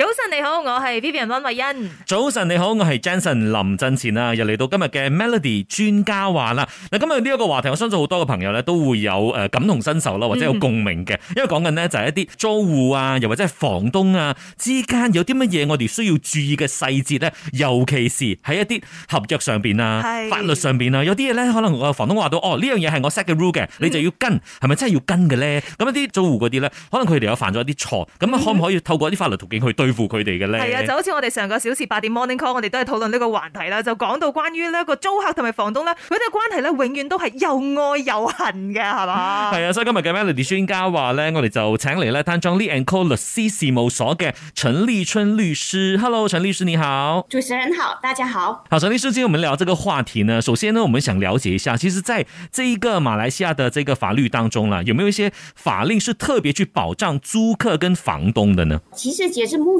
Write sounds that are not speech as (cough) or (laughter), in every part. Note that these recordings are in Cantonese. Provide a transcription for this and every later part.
早晨你好，我係 Vivian 溫慧欣。早晨你好，我係 Jenson 林振前啊，又嚟到今日嘅 Melody 專家話啦。嗱，今日呢一個話題，我相信好多嘅朋友咧都會有誒感同身受啦，或者有共鳴嘅，嗯。因為講緊咧就係一啲租戶啊，又或者係房東啊之間有啲乜嘢我哋需要注意嘅細節咧，尤其是喺一啲合約上邊啊、法律上邊啊，有啲嘢咧可能房東話到哦呢樣嘢係我 set 嘅 rule 嘅，你就要跟，係，嗯，咪真係要跟嘅咧？咁一啲租戶嗰啲咧，可能佢哋有犯咗一啲錯，咁可唔可以透過一啲法律途徑去對？對付佢哋嘅咧，係、嗯、啊，就好似我哋上個小時八點 morning call，我哋都係討論呢個話題啦，就講到關於呢個租客同埋房東咧，佢哋關係咧，永遠都係又愛又恨嘅，係嘛？係啊，所以今日嘅 Melody 專家話咧，我哋就請嚟咧丹裝 Lee and Cole 律師事務所嘅陳立春律師。Hello，陳律師你好，主持人好，大家好。好，陳律師，今天我們聊這個話題呢，首先呢，我們想了解一下，其實在這一個馬來西亞的這個法律當中啦，有沒有一些法令是特別去保障租客跟房東的呢？其實截至目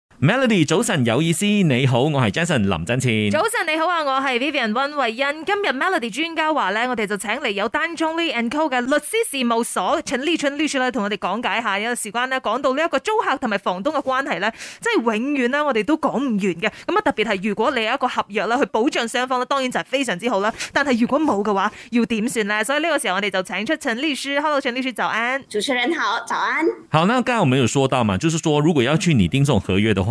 Melody 早晨，有意思，你好，我係 Jason 林振前。早晨你好啊，我係 Vivian 溫慧欣。今日 Melody 專家話咧，我哋就請嚟有單中 We and Co 嘅律師事務所陳律師，律師咧同我哋講解下。有陣時關咧，講到呢一個租客同埋房東嘅關係咧，即係永遠咧，我哋都講唔完嘅。咁啊，特別係如果你有一個合約啦，去保障雙方咧，當然就係非常之好啦。但係如果冇嘅話，要點算呢？所以呢個時候我哋就請出陳律師。Hello，陳律師早安。主持人好，早安。好，那剛才我們有說到嘛，就是說如果要去擬定這種合約嘅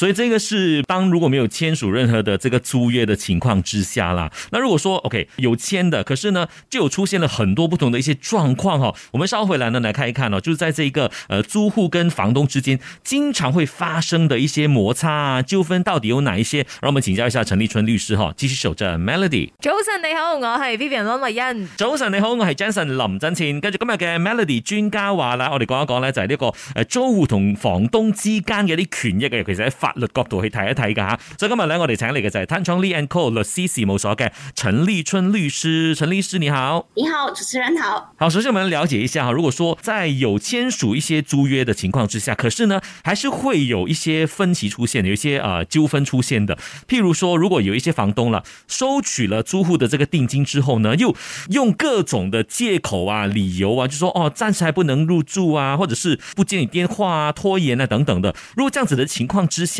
所以這個是當如果沒有簽署任何的這個租約的情況之下啦，那如果說 OK 有簽的，可是呢就有出現了很多不同的一些狀況哈。我們稍後回來呢來看一看哦，就是在這一個呃租戶跟房東之間，經常會發生的一些摩擦糾、啊、紛，糾紛到底有哪一些？讓我們請教一下陳立春律師哈。繼續守着 Melody。早晨你好，我是 Vivian 溫麗欣。早晨你好，我是 Jason 林振前。跟住今日嘅 Melody 專家話啦，我哋講一講呢、這個，就係呢個誒租戶同房東之間嘅啲權益嘅，尤其是喺法角度去睇一睇噶吓，所以今日咧我哋請嚟嘅就係湯昌 Lee and Cole 律師事務所嘅陳立春律師，陳律師你好，你好，主持人好，好，首先我們了解一下吓，如果說在有簽署一些租約的情況之下，可是呢還是會有一些分歧出現，有一些啊、呃、糾紛出現的，譬如說如果有一些房東了收取了租戶的這個定金之後呢，又用各種的借口啊、理由啊，就說哦暫時還不能入住啊，或者是不接你電話啊、拖延啊等等的，如果這樣子的情況之下。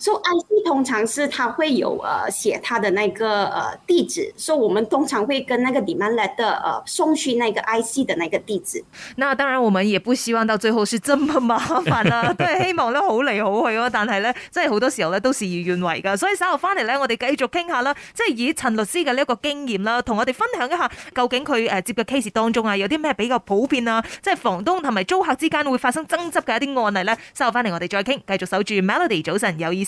So IC 通常是，他會有，寫他的那個，地址。所以我們通常會跟那個 demand letter 送去那個 IC 的那個地址。 (laughs) 那當然，我們也不希望到最後是這麼麻煩啦、啊。都係希望咧好嚟好去咯、啊。但係咧，即係好多時候咧，都事與願違噶。所以稍後翻嚟咧，我哋繼續傾下啦。即係以陳律師嘅呢一個經驗啦，同我哋分享一下究竟佢誒接嘅 case 當中啊，有啲咩比較普遍啊，即係房東同埋租客之間會發生爭執嘅一啲案例咧。稍後翻嚟我哋再傾，繼續守住 Melody 早晨，有意思。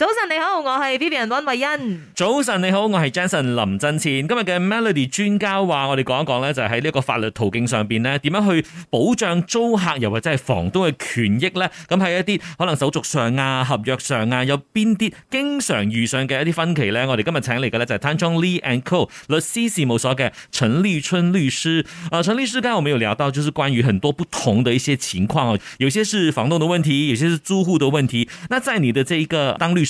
早晨你好，我係 Vivian 溫慧欣。早晨你好，我係 Jason 林振謙。今日嘅 Melody 專家話，我哋講一講咧，就喺呢一個法律途徑上邊咧，點樣去保障租客又或者係房東嘅權益咧？咁喺一啲可能手續上啊、合約上啊，有邊啲經常遇上嘅一啲分歧咧？我哋今日請嚟嘅咧就係 Tanjong Lee and Co. 律師事務所嘅陳麗春律師。啊、呃，陳律師今日我們有聊到，就是關於很多不同嘅一些情況啊，有些是房東的問題，有些是租戶的問題。那在你的這一個當律師